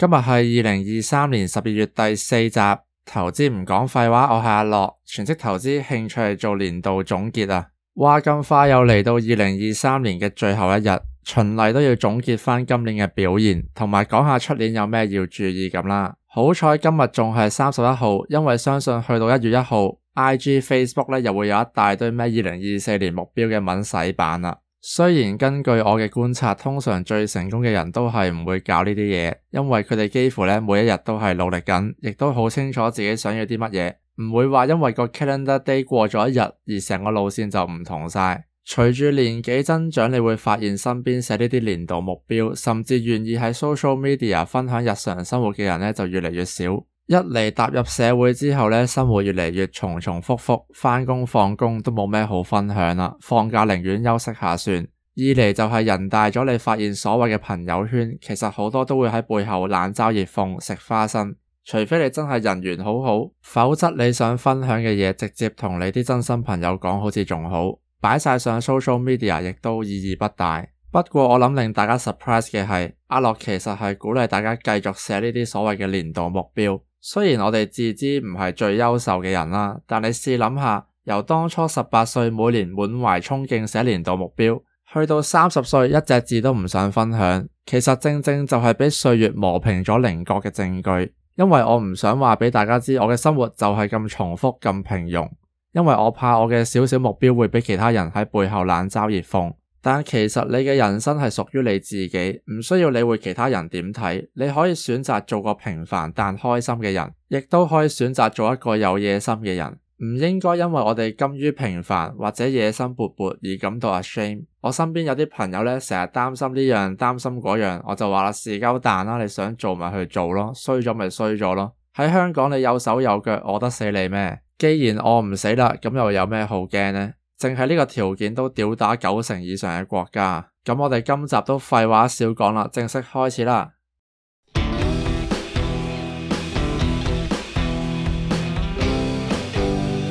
今日係二零二三年十二月第四集，投資唔講廢話，我係阿樂，全職投資興趣係做年度總結啊！話咁快又嚟到二零二三年嘅最後一日，循例都要總結翻今年嘅表現，同埋講下出年有咩要注意咁啦。好彩今日仲係三十一號，因為相信去到一月一號，IG Facebook 咧又會有一大堆咩二零二四年目標嘅文洗版啊。雖然根據我嘅觀察，通常最成功嘅人都係唔會搞呢啲嘢，因為佢哋幾乎每一日都係努力緊，亦都好清楚自己想要啲乜嘢，唔會話因為個 calendar day 過咗一日而成個路線就唔同曬。隨住年紀增長，你會發現身邊寫呢啲年度目標，甚至願意喺 social media 分享日常生活嘅人咧就越嚟越少。一嚟踏入社會之後咧，生活越嚟越重重複複，返工放工都冇咩好分享啦。放假寧願休息下算。二嚟就係人大咗，你發現所謂嘅朋友圈其實好多都會喺背後冷嘲熱諷、食花生，除非你真係人緣好好，否則你想分享嘅嘢直接同你啲真心朋友講，好似仲好。擺晒上 social media 亦都意義不大。不過我諗令大家 surprise 嘅係，阿樂其實係鼓勵大家繼續寫呢啲所謂嘅年度目標。雖然我哋自知唔係最優秀嘅人啦，但你試諗下，由當初十八歲每年滿懷憧憬寫年度目標，去到三十歲一隻字都唔想分享，其實正正就係俾歲月磨平咗稜角嘅證據。因為我唔想話俾大家知我嘅生活就係咁重複咁平庸，因為我怕我嘅少少目標會俾其他人喺背後冷嘲熱諷。但其實你嘅人生係屬於你自己，唔需要理會其他人點睇。你可以選擇做個平凡但開心嘅人，亦都可以選擇做一個有野心嘅人。唔應該因為我哋甘於平凡或者野心勃勃而感到 ashamed。我身邊有啲朋友咧，成日擔心呢樣擔心嗰樣，我就話啦，事鳩彈啦、啊，你想做咪去做咯，衰咗咪衰咗咯。喺香港你有手有腳，餓得死你咩？既然餓唔死啦，咁又有咩好驚呢？淨係呢個條件都吊打九成以上嘅國家，咁我哋今集都廢話少講啦，正式開始啦。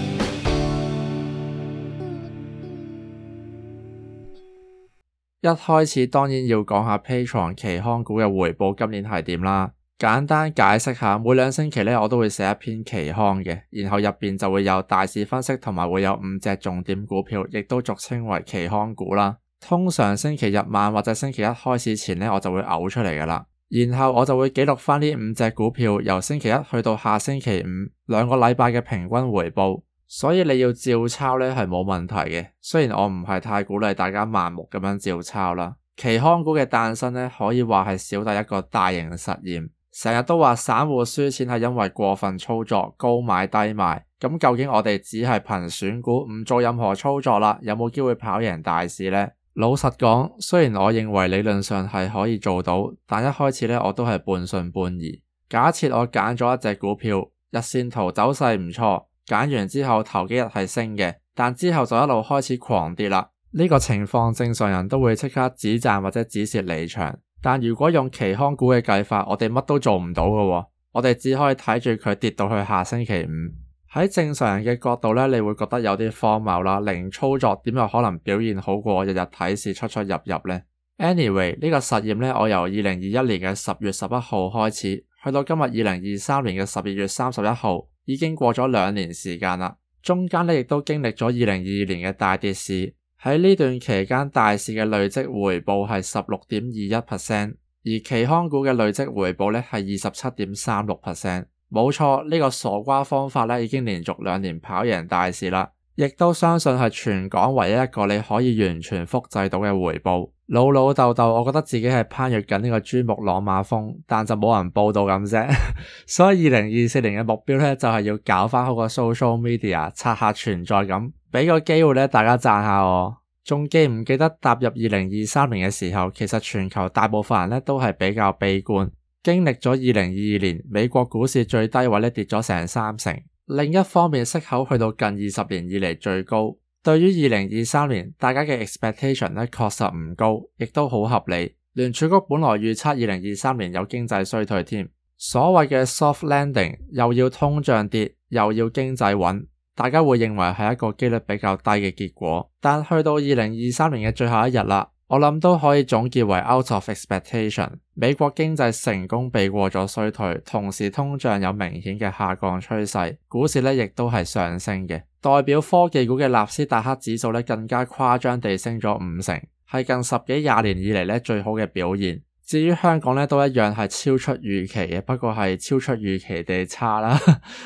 一開始當然要講下 Patreon 期刊股嘅回報，今年係點啦。簡單解釋下，每兩星期呢，我都會寫一篇期刊嘅，然後入邊就會有大市分析，同埋會有五隻重點股票，亦都俗稱為期刊股啦。通常星期日晚或者星期一開始前呢，我就會嘔出嚟㗎喇，然後我就會記錄翻呢五隻股票由星期一去到下星期五兩個禮拜嘅平均回報。所以你要照抄呢係冇問題嘅，雖然我唔係太鼓勵大家盲目咁樣照抄啦。期刊股嘅誕生呢，可以話係小弟一個大型嘅實驗。成日都話散戶輸錢係因為過分操作，高買低賣。咁究竟我哋只係憑選股唔做任何操作啦，有冇機會跑贏大市呢？老實講，雖然我認為理論上係可以做到，但一開始呢，我都係半信半疑。假設我揀咗一隻股票，日綫圖走勢唔錯，揀完之後頭幾日係升嘅，但之後就一路開始狂跌啦。呢個情況正常人都會即刻止賺或者止蝕離場。但如果用期康股嘅計法，我哋乜都做唔到㗎喎，我哋只可以睇住佢跌到去下星期五。喺正常人嘅角度呢，你會覺得有啲荒謬啦，零操作點有可能表現好過日日睇市出出入入呢？Anyway，呢個實驗呢，我由二零二一年嘅十月十一號開始，去到今日二零二三年嘅十二月三十一號，已經過咗兩年時間啦，中間呢，亦都經歷咗二零二二年嘅大跌市。喺呢段期間，大市嘅累積回報係十六點二一 percent，而期刊股嘅累積回報咧係二十七點三六 percent。冇錯，呢個傻瓜方法咧已經連續兩年跑贏大市啦。亦都相信係全港唯一一個你可以完全複製到嘅回報。老老豆豆，我覺得自己係攀越緊呢個珠穆朗瑪峰，但就冇人報道咁啫。 所以二零二四年嘅目標咧，就係要搞翻好個 social media，刷下存在感，畀個機會咧大家讚下我。仲記唔記得踏入二零二三年嘅時候，其實全球大部分人咧都係比較悲觀，經歷咗二零二二年美國股市最低位咧跌咗成三成。另一方面，息口去到近二十年以嚟最高。對於二零二三年，大家嘅 expectation 呢確實唔高，亦都好合理。聯儲局本來預測二零二三年有經濟衰退添。所謂嘅 soft landing，又要通脹跌，又要經濟穩，大家會認為係一個機率比較低嘅結果。但去到二零二三年嘅最後一日啦。我諗都可以總結為 out of expectation。美國經濟成功避過咗衰退，同時通脹有明顯嘅下降趨勢，股市呢亦都係上升嘅。代表科技股嘅納斯達克指數呢更加誇張地升咗五成，係近十幾廿年以嚟呢最好嘅表現。至於香港呢，都一樣係超出預期嘅，不過係超出預期地差啦。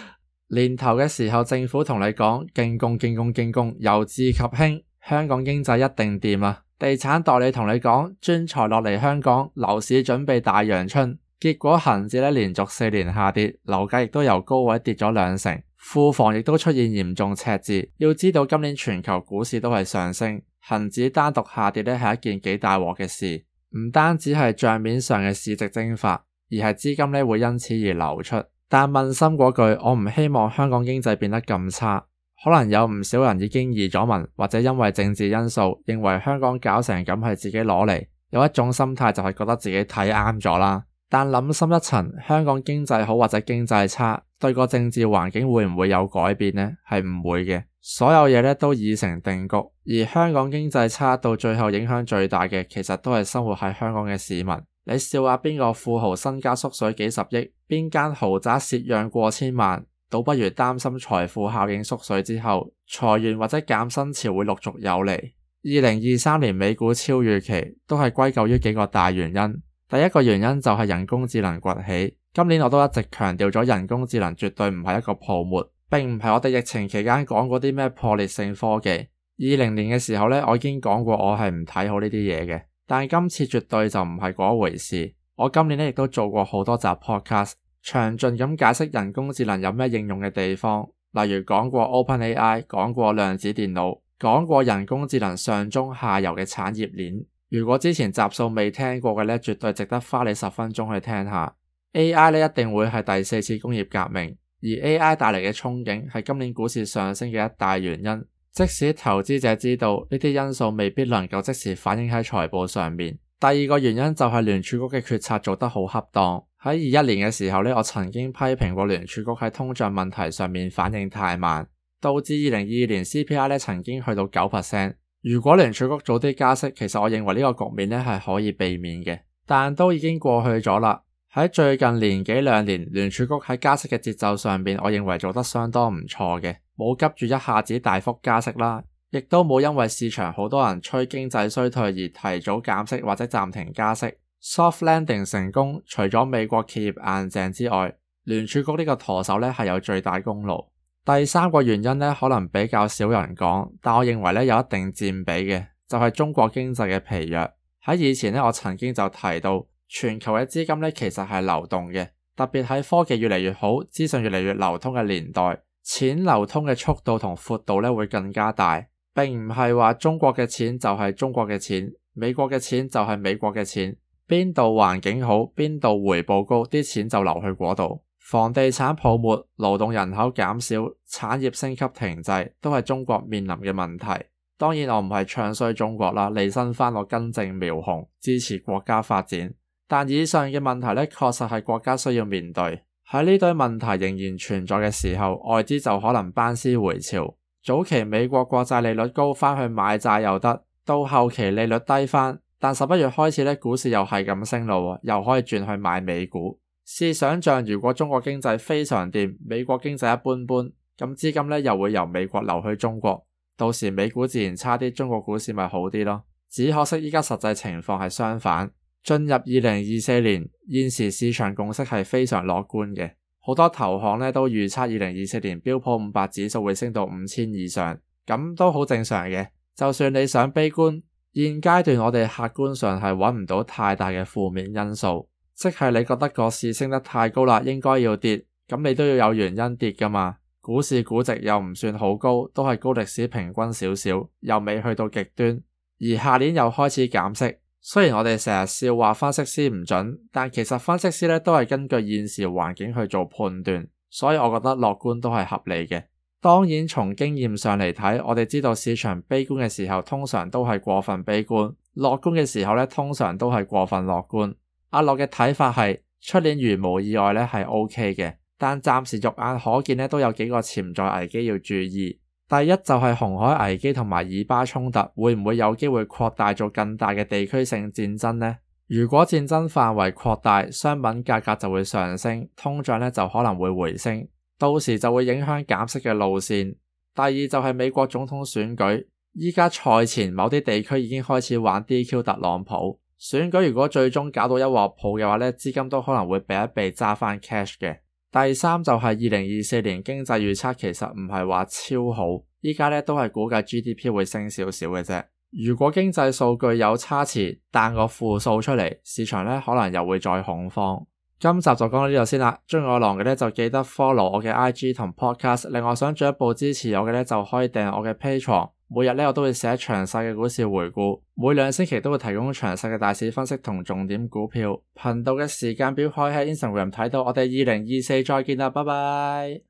年頭嘅時候政府同你講，進攻、進攻、進攻，由治及興，香港經濟一定掂啊！地產代理同你講，專才落嚟香港，樓市準備大陽春，結果恒指咧連續四年下跌，樓價亦都由高位跌咗兩成，庫房亦都出現嚴重赤字。要知道今年全球股市都係上升，恒指單獨下跌咧係一件幾大鑊嘅事，唔單止係賬面上嘅市值蒸發，而係資金咧會因此而流出。但問心嗰句，我唔希望香港經濟變得咁差。可能有唔少人已經移咗民，或者因為政治因素，認為香港搞成咁係自己攞嚟，有一種心態就係覺得自己睇啱咗啦。但諗深一層，香港經濟好或者經濟差，對個政治環境會唔會有改變呢？係唔會嘅，所有嘢都已成定局。而香港經濟差到最後影響最大嘅，其實都係生活喺香港嘅市民。你笑話邊個富豪身家縮水幾十億，邊間豪宅蝕讓過千萬？倒不如擔心財富效應縮水之後，裁員或者減薪潮會陸續有嚟。二零二三年美股超預期，都係歸咎於幾個大原因。第一個原因就係人工智能崛起。今年我都一直強調咗，人工智能絕對唔係一個泡沫，並唔係我哋疫情期間講嗰啲咩破裂性科技。二零年嘅時候呢，我已經講過我係唔睇好呢啲嘢嘅，但係今次絕對就唔係嗰一回事。我今年呢，亦都做過好多集 podcast。詳盡咁解釋人工智能有咩應用嘅地方，例如講過 OpenAI，講過量子電腦，講過人工智能上中下游嘅產業鏈。如果之前集數未聽過嘅呢，絕對值得花你十分鐘去聽下。AI 呢一定會係第四次工業革命，而 AI 帶嚟嘅憧憬係今年股市上升嘅一大原因。即使投資者知道呢啲因素未必能夠即時反映喺財報上面，第二個原因就係聯儲局嘅決策做得好恰當。喺二一年嘅時候呢，我曾經批評過聯儲局喺通脹問題上面反應太慢，導致二零二二年 CPI 呢曾經去到九 percent。如果聯儲局早啲加息，其實我認為呢個局面呢係可以避免嘅，但都已經過去咗啦。喺最近年幾兩年，聯儲局喺加息嘅節奏上邊，我認為做得相當唔錯嘅，冇急住一下子大幅加息啦，亦都冇因為市場好多人催經濟衰退而提早減息或者暫停加息。Soft landing 成功，除咗美國企業硬淨之外，聯儲局呢個舵手呢係有最大功勞。第三個原因呢，可能比較少人講，但我認為呢有一定佔比嘅，就係中國經濟嘅疲弱。喺以前呢，我曾經就提到，全球嘅資金呢其實係流動嘅，特別喺科技越嚟越好、資訊越嚟越流通嘅年代，錢流通嘅速度同闊度呢會更加大，並唔係話中國嘅錢就係中國嘅錢，美國嘅錢就係美國嘅錢。邊度環境好，邊度回報高，啲錢就流去嗰度。房地產泡沫、勞動人口減少、產業升級停滯，都係中國面臨嘅問題。當然，我唔係唱衰中國啦，利申返我根正苗紅，支持國家發展。但以上嘅問題呢，確實係國家需要面對。喺呢堆問題仍然存在嘅時候，外資就可能班師回朝。早期美國國債利率高，返去買債又得；到後期利率低返。但十一月開始呢，股市又係咁升啦，又可以轉去買美股。試想象，如果中國經濟非常掂，美國經濟一般般，咁資金呢又會由美國流去中國，到時美股自然差啲，中國股市咪好啲咯。只可惜依家實際情況係相反。進入二零二四年，現時市場共識係非常樂觀嘅，好多投行呢都預測二零二四年標普五百指數會升到五千以上，咁都好正常嘅。就算你想悲觀。.現階段我哋客觀上係揾唔到太大嘅負面因素，即係你覺得個市升得太高啦，應該要跌，咁你都要有原因跌㗎嘛。股市估值又唔算好高，都係高歷史平均少少，又未去到極端，而下年又開始減息。雖然我哋成日笑話分析師唔準，但其實分析師呢都係根據現時環境去做判斷，所以我覺得樂觀都係合理嘅。當然，從經驗上嚟睇，我哋知道市場悲觀嘅時候，通常都係過分悲觀；樂觀嘅時候通常都係過分樂觀。阿樂嘅睇法係，出年如無意外咧係 O K 嘅，但暫時肉眼可見咧都有幾個潛在危機要注意。第一就係紅海危機同埋以巴衝突，會唔會有機會擴大做更大嘅地區性戰爭呢？如果戰爭範圍擴大，商品價格就會上升，通脹咧就可能會回升。到時就會影響減息嘅路線。第二就係美國總統選舉，依家賽前某啲地區已經開始玩 DQ 特朗普選舉。如果最終搞到一鑊泡嘅話呢，資金都可能會避一避揸翻 cash 嘅。第三就係二零二四年經濟預測其實唔係話超好，依家呢都係估計 GDP 會升少少嘅啫。如果經濟數據有差池，彈個負數出嚟，市場呢可能又會再恐慌。今集就講到這裏呢度先啦，鍾意我狼嘅呢就記得 follow 我嘅 IG 同 podcast，另外想進一步支持我嘅呢就可以訂閱我嘅 Patreon，每日呢我都會寫詳細嘅股市回顧，每兩星期都會提供詳細嘅大市分析同重點股票，頻道嘅時間表可以喺 Instagram 睇到，我哋2024再見啦，拜拜。